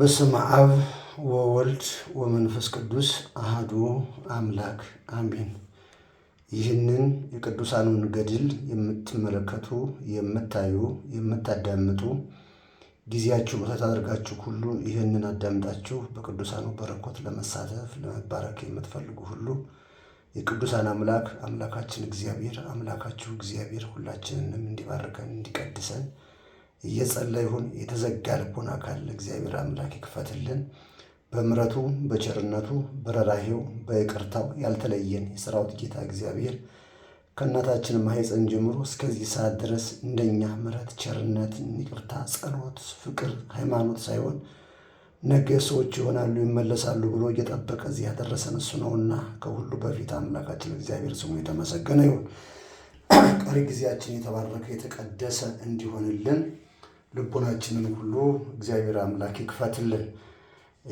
በስም አብ ወወልድ ወመንፈስ ቅዱስ አህዱ አምላክ አሜን። ይህንን የቅዱሳኑን ገድል የምትመለከቱ የምታዩ፣ የምታዳምጡ ጊዜያችሁ ቦታ አድርጋችሁ ሁሉ ይህንን አዳምጣችሁ በቅዱሳኑ በረኮት ለመሳተፍ ለመባረክ የምትፈልጉ ሁሉ የቅዱሳን አምላክ አምላካችን እግዚአብሔር አምላካችሁ እግዚአብሔር ሁላችንንም እንዲባርከን እንዲቀድሰን እየጸለይሁን የተዘጋ ልቦና ካለ እግዚአብሔር አምላክ ይክፈትልን። በምረቱ በቸርነቱ በረራሄው በይቅርታው ያልተለየን የሰራዊት ጌታ እግዚአብሔር ከእናታችን ማኅፀን ጀምሮ እስከዚህ ሰዓት ድረስ እንደኛ ምረት፣ ቸርነት፣ ይቅርታ፣ ጸሎት፣ ፍቅር፣ ሃይማኖት ሳይሆን ነገ ሰዎች ይሆናሉ ይመለሳሉ ብሎ እየጠበቀ እዚህ ያደረሰን እሱ ነውና ከሁሉ በፊት አምላካችን እግዚአብሔር ስሙ የተመሰገነ ይሁን። ቀሪ ጊዜያችን የተባረከ የተቀደሰ እንዲሆንልን ልቦናችንን ሁሉ እግዚአብሔር አምላክ ይክፈትልን።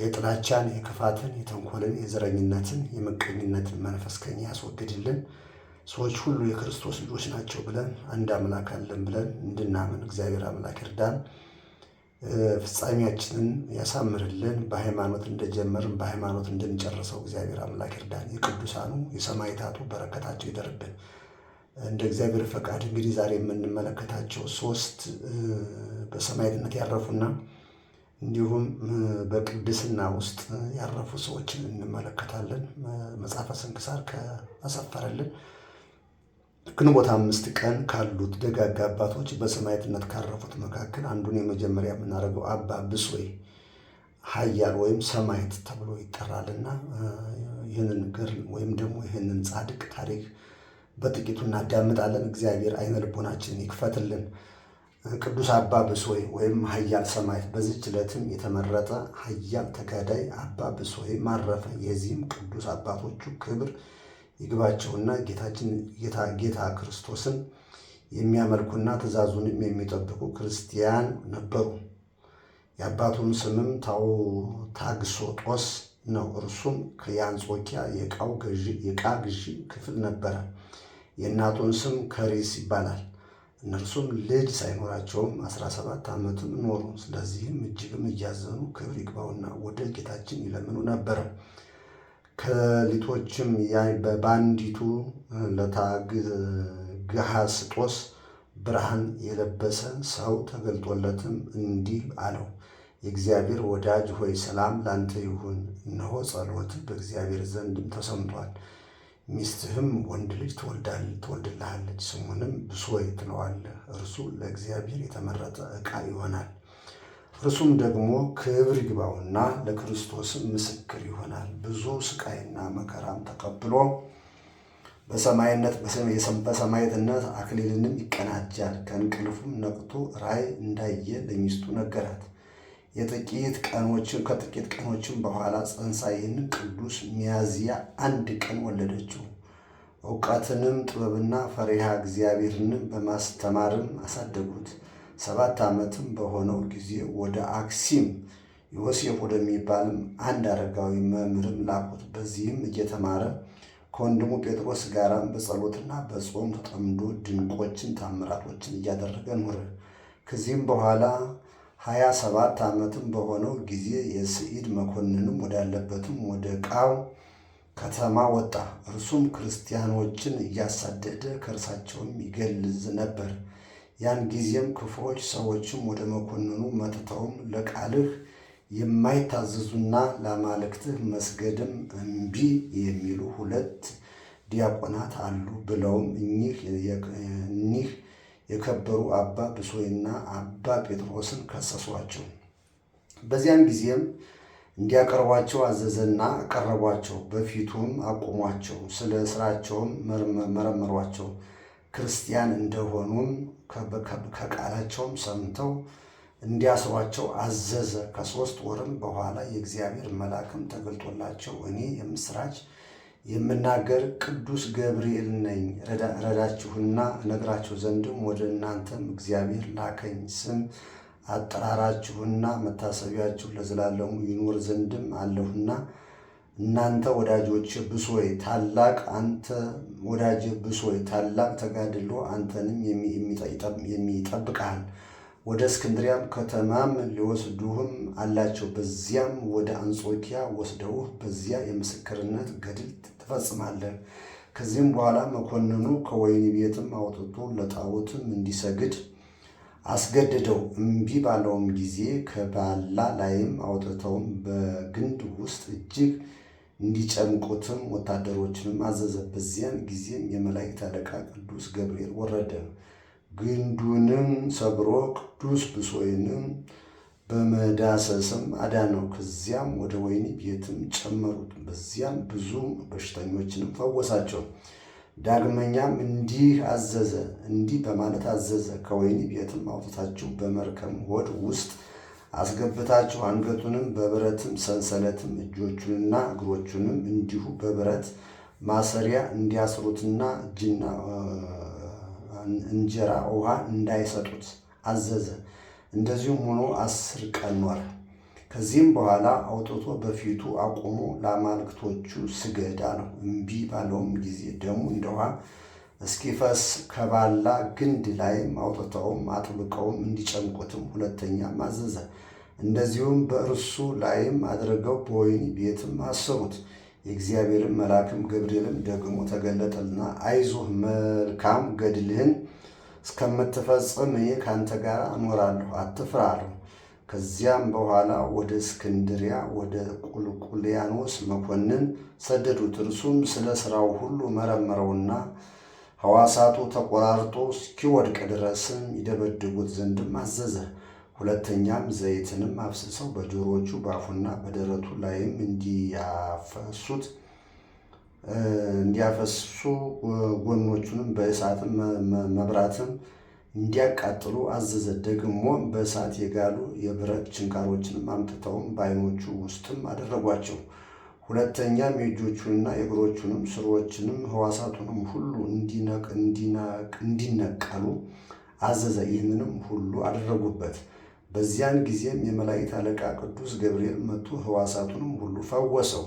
የጥላቻን፣ የክፋትን፣ የተንኮልን፣ የዘረኝነትን፣ የምቀኝነትን መንፈስ ከኛ ያስወግድልን። ሰዎች ሁሉ የክርስቶስ ልጆች ናቸው ብለን አንድ አምላክ አለን ብለን እንድናምን እግዚአብሔር አምላክ ይርዳን። ፍጻሜያችንን ያሳምርልን። በሃይማኖት እንደጀመርን በሃይማኖት እንድንጨርሰው እግዚአብሔር አምላክ ይርዳን። የቅዱሳኑ የሰማዕታቱ በረከታቸው ይደርብን። እንደ እግዚአብሔር ፈቃድ እንግዲህ ዛሬ የምንመለከታቸው ሶስት በሰማዕትነት ያረፉና እንዲሁም በቅድስና ውስጥ ያረፉ ሰዎችን እንመለከታለን። መጽሐፈ ስንክሳር ከመሰፈረልን ግንቦት አምስት ቀን ካሉት ደጋግ አባቶች በሰማዕትነት ካረፉት መካከል አንዱን የመጀመሪያ የምናደርገው አባ ብሶይ ኃያል ወይም ሰማዕት ተብሎ ይጠራልና ይህንን ግር ወይም ደግሞ ይህንን ጻድቅ ታሪክ በጥቂቱ እናዳምጣለን። እግዚአብሔር አይነ ልቦናችንን ይክፈትልን። ቅዱስ አባ ብሶይ ወይም ሀያል ሰማዕት በዚች ዕለትም የተመረጠ ሀያል ተጋዳይ አባ ብሶይ ማረፈ። የዚህም ቅዱስ አባቶቹ ክብር ይግባቸውና ጌታችን ጌታ ክርስቶስን የሚያመልኩና ትእዛዙንም የሚጠብቁ ክርስቲያን ነበሩ። የአባቱን ስምም ታግሶጦስ ነው። እርሱም ከያንጾኪያ የቃ ግዢ ክፍል ነበረ። የእናቱን ስም ከሪስ ይባላል። እነርሱም ልጅ ሳይኖራቸውም አሥራ ሰባት ዓመትም ኖሩ። ስለዚህም እጅግም እያዘኑ ክብር ይግባውና ወደ ጌታችን ይለምኑ ነበር። ከሊቶችም በባንዲቱ ለታግሃስጦስ ብርሃን የለበሰ ሰው ተገልጦለትም እንዲህ አለው፣ የእግዚአብሔር ወዳጅ ሆይ ሰላም ላንተ ይሁን። እነሆ ጸሎት በእግዚአብሔር ዘንድም ተሰምቷል። ሚስትህም ወንድ ልጅ ትወልድልሃለች፣ ስሙንም ብሶይ ትለዋለህ። እርሱ ለእግዚአብሔር የተመረጠ ዕቃ ይሆናል። እርሱም ደግሞ ክብር ይግባውና ለክርስቶስም ምስክር ይሆናል። ብዙ ስቃይና መከራም ተቀብሎ በሰማይነት አክሊልንም ይቀናጃል። ከእንቅልፉም ነቅቶ ራእይ እንዳየ ለሚስቱ ነገራት። የጥቂት ቀኖችን ከጥቂት ቀኖችን በኋላ ፀንሳ ይህን ቅዱስ ሚያዝያ አንድ ቀን ወለደችው። እውቀትንም ጥበብና ፈሪሃ እግዚአብሔርንም በማስተማርም አሳደጉት። ሰባት ዓመትም በሆነው ጊዜ ወደ አክሲም ዮሴፍ ወደሚባልም አንድ አረጋዊ መምህርም ላኩት። በዚህም እየተማረ ከወንድሙ ጴጥሮስ ጋራም በጸሎትና በጾም ተጠምዶ ድንቆችን ታምራቶችን እያደረገ ኖረ። ከዚህም በኋላ ሀያ ሰባት ዓመትም በሆነው ጊዜ የስዒድ መኮንንም ወዳለበትም ወደ ቃው ከተማ ወጣ። እርሱም ክርስቲያኖችን እያሳደደ ከእርሳቸውም ይገልዝ ነበር። ያን ጊዜም ክፉዎች ሰዎችም ወደ መኮንኑ መጥተውም ለቃልህ የማይታዘዙና ለአማልክትህ መስገድም እምቢ የሚሉ ሁለት ዲያቆናት አሉ ብለውም እኒህ የከበሩ አባ ብሶይና አባ ጴጥሮስን ከሰሷቸው። በዚያን ጊዜም እንዲያቀርቧቸው አዘዘና ቀረቧቸው። በፊቱም አቁሟቸው፣ ስለ ስራቸውም መረመሯቸው። ክርስቲያን እንደሆኑም ከቃላቸውም ሰምተው እንዲያስሯቸው አዘዘ። ከሶስት ወርም በኋላ የእግዚአብሔር መልአክም ተገልጦላቸው እኔ የምስራች የምናገር ቅዱስ ገብርኤል ነኝ። ረዳችሁና እነግራችሁ ዘንድም ወደ እናንተም እግዚአብሔር ላከኝ። ስም አጠራራችሁና መታሰቢያችሁ ለዘላለሙ ይኖር ዘንድም አለሁና እናንተ ወዳጆች ብሶይ ታላቅ አንተ ወዳጅ ብሶይ ታላቅ ተጋድሎ አንተንም የሚጠብቃል። ወደ እስክንድሪያም ከተማም ሊወስዱህም አላቸው። በዚያም ወደ አንጾኪያ ወስደውህ በዚያ የምስክርነት ገድል ትፈጽማለህ። ከዚህም በኋላ መኮንኑ ከወይን ቤትም አውጥቶ ለጣዖትም እንዲሰግድ አስገድደው እምቢ ባለውም ጊዜ ከባላ ላይም አውጥተውም በግንድ ውስጥ እጅግ እንዲጨምቁትም ወታደሮችንም አዘዘ። በዚያን ጊዜም የመላእክት አለቃ ቅዱስ ገብርኤል ወረደ። ግንዱንም ሰብሮ ቅዱስ ብሶይንም በመዳሰስም አዳነው። ከዚያም ወደ ወይኒ ቤትም ጨመሩት። በዚያም ብዙ በሽተኞችንም ፈወሳቸው። ዳግመኛም እንዲህ አዘዘ፣ እንዲህ በማለት አዘዘ። ከወይኒ ቤትም አውጥታችሁ በመርከም ሆድ ውስጥ አስገብታችሁ አንገቱንም በብረትም ሰንሰለትም እጆቹንና እግሮቹንም እንዲሁ በብረት ማሰሪያ እንዲያስሩትና እጅና እንጀራ ውሃ እንዳይሰጡት አዘዘ። እንደዚሁም ሆኖ አስር ቀን ኖረ። ከዚህም በኋላ አውጥቶ በፊቱ አቁሞ ለአማልክቶቹ ስገድ አለው። እምቢ ባለውም ጊዜ ደሙ እንደ ውሃ እስኪፈስ ከባላ ግንድ ላይም አውጥተውም አጥብቀውም እንዲጨምቁትም ሁለተኛም አዘዘ። እንደዚሁም በእርሱ ላይም አድርገው በወይን ቤትም አሰሩት። የእግዚአብሔርም መልአክም ገብርኤልም ደግሞ ተገለጠልና፣ አይዞህ መልካም ገድልህን እስከምትፈጽም እኔ ከአንተ ጋር እኖራለሁ፣ አትፍራ አለው። ከዚያም በኋላ ወደ እስክንድሪያ ወደ ቁልቁልያኖስ መኮንን ሰደዱት። እርሱም ስለ ሥራው ሁሉ መረመረውና ሐዋሳቱ ተቆራርጦ እስኪወድቅ ድረስም ይደበድቡት ዘንድም አዘዘ። ሁለተኛም ዘይትንም አፍስሰው በጆሮቹ በአፉና በደረቱ ላይም እንዲያፈሱት እንዲያፈሱ ጎኖቹንም በእሳትም መብራትም እንዲያቃጥሉ አዘዘ። ደግሞ በእሳት የጋሉ የብረት ችንካሮችንም አምጥተውም በአይኖቹ ውስጥም አደረጓቸው። ሁለተኛም የእጆቹንና የእግሮቹንም ስሮችንም ህዋሳቱንም ሁሉ እንዲነቀሉ አዘዘ። ይህንንም ሁሉ አደረጉበት። በዚያን ጊዜም የመላእክት አለቃ ቅዱስ ገብርኤል መጥቶ ሕዋሳቱንም ሁሉ ፈወሰው።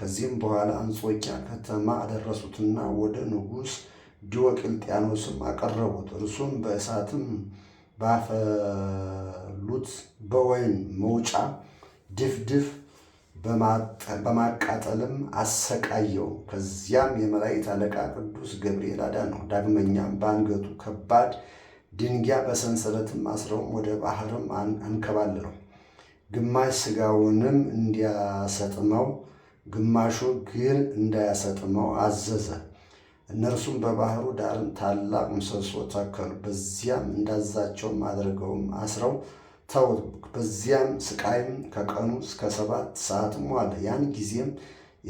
ከዚህም በኋላ አንጾኪያ ከተማ አደረሱትና ወደ ንጉሥ ዲዮቅልጥያኖስም አቀረቡት። እርሱም በእሳትም ባፈሉት በወይን መውጫ ድፍድፍ በማቃጠልም አሰቃየው። ከዚያም የመላእክት አለቃ ቅዱስ ገብርኤል አዳነው። ዳግመኛም በአንገቱ ከባድ ድንጋይ በሰንሰለትም አስረውም ወደ ባህርም አንከባለለው። ግማሽ ስጋውንም እንዲያሰጥመው ግማሹ ግን እንዳያሰጥመው አዘዘ። እነርሱም በባህሩ ዳር ታላቅ ምሰሶ ተከሉ። በዚያም እንዳዛቸውም አድርገውም አስረው ተውት። በዚያም ስቃይም ከቀኑ እስከ ሰባት ሰዓትም ዋለ። ያን ጊዜም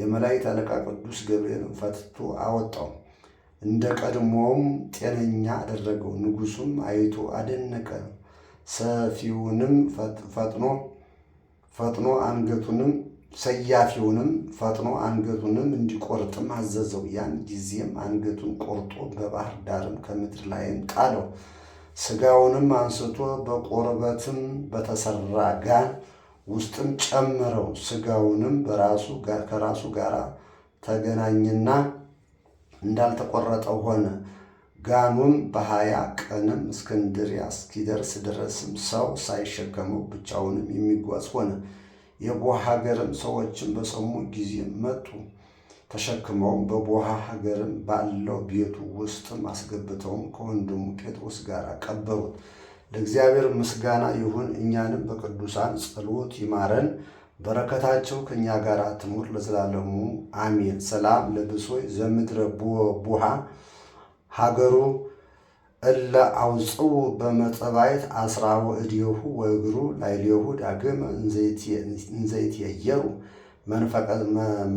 የመላእክት አለቃ ቅዱስ ገብርኤልን ፈትቶ አወጣው። እንደ ቀድሞውም ጤነኛ አደረገው። ንጉሱም አይቶ አደነቀ። ሰፊውንም ፈጥኖ ፈጥኖ አንገቱንም ሰያፊውንም ፈጥኖ አንገቱንም እንዲቆርጥም አዘዘው። ያን ጊዜም አንገቱን ቆርጦ በባህር ዳርም ከምድር ላይም ጣለው። ስጋውንም አንስቶ በቆርበትም በተሰራ ጋን ውስጥም ጨምረው። ስጋውንም ከራሱ ጋር ተገናኝና እንዳልተቆረጠ ሆነ። ጋኑም በሀያ ቀንም እስክንድርያ እስኪደርስ ድረስም ሰው ሳይሸከመው ብቻውንም የሚጓዝ ሆነ። የቦሃ ሀገርም ሰዎችም በሰሙ ጊዜ መጡ። ተሸክመውም በቦሃ ሀገርም ባለው ቤቱ ውስጥም አስገብተውም ከወንድሙ ጴጥሮስ ጋር ቀበሩት። ለእግዚአብሔር ምስጋና ይሁን፣ እኛንም በቅዱሳን ጸሎት ይማረን በረከታቸው ከእኛ ጋር ትሙር ለዘላለሙ አሜን። ሰላም ለብሶይ ዘምድረ ቡሃ ሀገሩ እለ አውፅው በመጠባየት አስራው እድየሁ ወእግሩ ላይልየሁ ዳግም እንዘይት የየሩ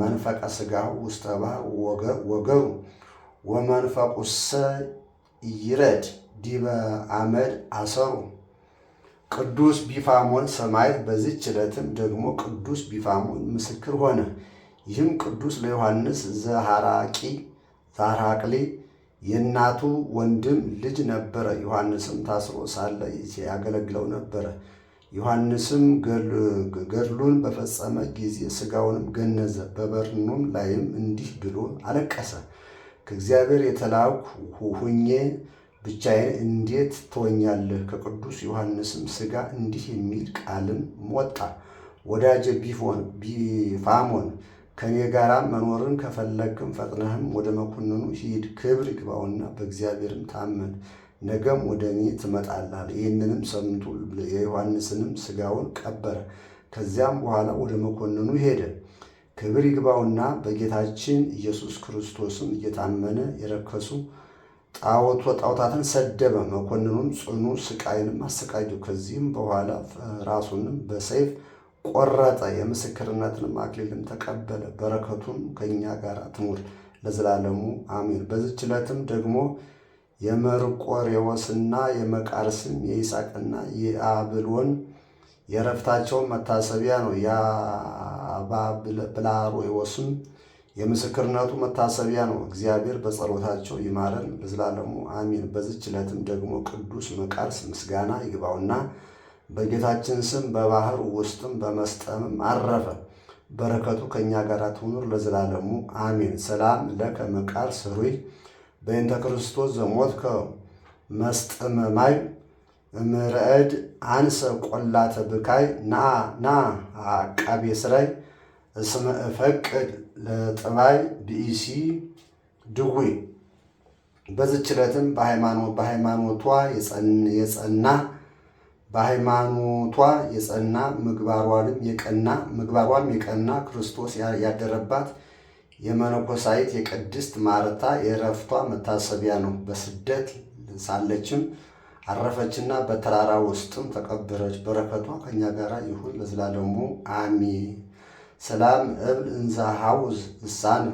መንፈቀ ስጋሁ ውስተ ባህር ወገሩ ወመንፈቁሰ ይረድ ዲበ አመድ አሰሩ ቅዱስ ቢፋሞን ሰማዕት። በዚች ዕለትም ደግሞ ቅዱስ ቢፋሞን ምስክር ሆነ። ይህም ቅዱስ ለዮሐንስ ዘሐራቂ ዛራቅሌ የእናቱ ወንድም ልጅ ነበረ። ዮሐንስም ታስሮ ሳለ ያገለግለው ነበረ። ዮሐንስም ገድሉን በፈጸመ ጊዜ ስጋውንም ገነዘ። በበርኑም ላይም እንዲህ ብሎ አለቀሰ። ከእግዚአብሔር የተላኩ ሁኜ ብቻዬን እንዴት ትወኛለህ? ከቅዱስ ዮሐንስም ሥጋ እንዲህ የሚል ቃልም ወጣ። ወዳጄ ቢፋሞን ከእኔ ጋር መኖርን ከፈለግም ፈጥነህም ወደ መኮንኑ ሂድ፣ ክብር ይግባውና በእግዚአብሔርም ታመን፣ ነገም ወደ እኔ ትመጣላል። ይህንንም ሰምቶ የዮሐንስንም ሥጋውን ቀበረ። ከዚያም በኋላ ወደ መኮንኑ ሄደ። ክብር ይግባውና በጌታችን ኢየሱስ ክርስቶስም እየታመነ የረከሱ ጣዖቱ ጣዖታትን ሰደበ። መኮንኑም ጽኑ ስቃይንም አሰቃዩ ከዚህም በኋላ ራሱንም በሰይፍ ቆረጠ። የምስክርነትንም አክሊልም ተቀበለ። በረከቱም ከእኛ ጋር ትኑር ለዘላለሙ አሚን። በዚች ዕለትም ደግሞ የመርቆሬዎስና የመቃርስም የይስቅና የአብሎን የረፍታቸውን መታሰቢያ ነው። የአባብላሮስም የምስክርነቱ መታሰቢያ ነው። እግዚአብሔር በጸሎታቸው ይማረን ለዘላለሙ አሚን። በዚች ዕለትም ደግሞ ቅዱስ መቃርስ ምስጋና ይግባውና በጌታችን ስም በባህር ውስጥም በመስጠምም አረፈ። በረከቱ ከእኛ ጋር ትኑር ለዘላለሙ አሚን። ሰላም ለከ መቃርስ ሩይ በእንተ ክርስቶስ ዘሞትከ መስጥመ ማይ ምርዕድ አንሰ ቆላተ ብካይ ና ና አቃቤ ስራይ እስመ እፈቅድ ለጥባይ ብኢሲ ድዌ በዝች ዕለትም በሃይማኖቷ የጸና በሃይማኖቷ የጸና ምግባሯንም የቀና ምግባሯም የቀና ክርስቶስ ያደረባት የመነኮሳይት የቅድስት ማርታ የእረፍቷ መታሰቢያ ነው። በስደት ሳለችም አረፈችና በተራራ ውስጥም ተቀበረች። በረከቷ ከኛ ጋር ይሁን ለዘላለሙ አሚን። ሰላም እብል እንዘ ሐውዝ ንሳን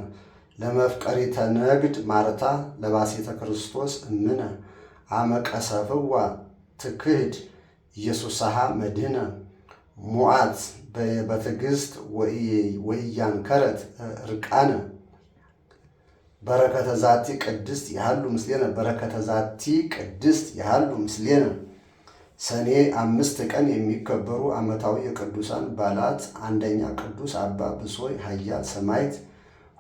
ለመፍቀሪተ ንግድ ማርታ ለባሴተ ክርስቶስ እምነ አመቀሰፍዋ ትክህድ ኢየሱስሃ መድህነ ሙዓት በትዕግሥት ወኢያንከረት ርቃነ በረከተ ዛቲ ቅድስት ያህሉ ምስሌነ በረከተ ዛቲ ቅድስት ያህሉ ምስሌነ ሰኔ አምስት ቀን የሚከበሩ ዓመታዊ የቅዱሳን በዓላት አንደኛ ቅዱስ አባ ብሶይ ኃያል ሰማዕት፣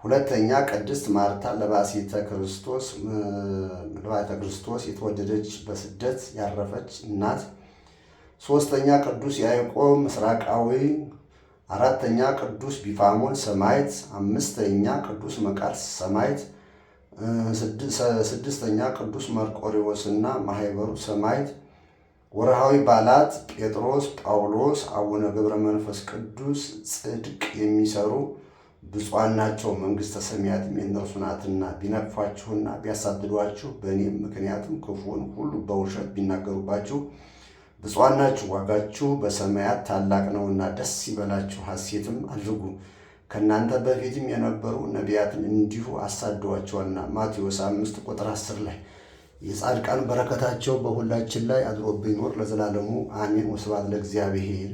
ሁለተኛ ቅድስት ማርታ ለባሲተ ክርስቶስ ክርስቶስ የተወደደች በስደት ያረፈች እናት፣ ሶስተኛ ቅዱስ ያዕቆብ ምስራቃዊ፣ አራተኛ ቅዱስ ቢፋሞን ሰማዕት፣ አምስተኛ ቅዱስ መቃርስ ሰማዕት፣ ስድስተኛ ቅዱስ መርቆሪዎስና ማኅበሩ ሰማዕት ወርሃዊ በዓላት ጴጥሮስ፣ ጳውሎስ፣ አቡነ ገብረ መንፈስ ቅዱስ ጽድቅ የሚሰሩ ብፁዓን ናቸው፣ መንግሥተ ሰማያትም የእነርሱ ናትና። ቢነቅፏችሁና ቢያሳድዷችሁ በእኔም ምክንያትም ክፉን ሁሉ በውሸት ቢናገሩባችሁ ብፁዓን ናችሁ፣ ዋጋችሁ በሰማያት ታላቅ ነውና ደስ ይበላችሁ፣ ሐሴትም አድርጉ። ከእናንተ በፊትም የነበሩ ነቢያትን እንዲሁ አሳድዋቸዋልና። ማቴዎስ አምስት ቁጥር አስር ላይ የጻድቃን በረከታቸው በሁላችን ላይ አድሮ ቢኖር ለዘላለሙ አሜን። ወስብሐት ለእግዚአብሔር።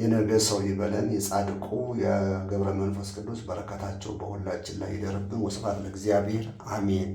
የነገ ሰው ይበለን። የጻድቁ የገብረ መንፈስ ቅዱስ በረከታቸው በሁላችን ላይ ይደርብን። ወስብሐት ለእግዚአብሔር አሜን።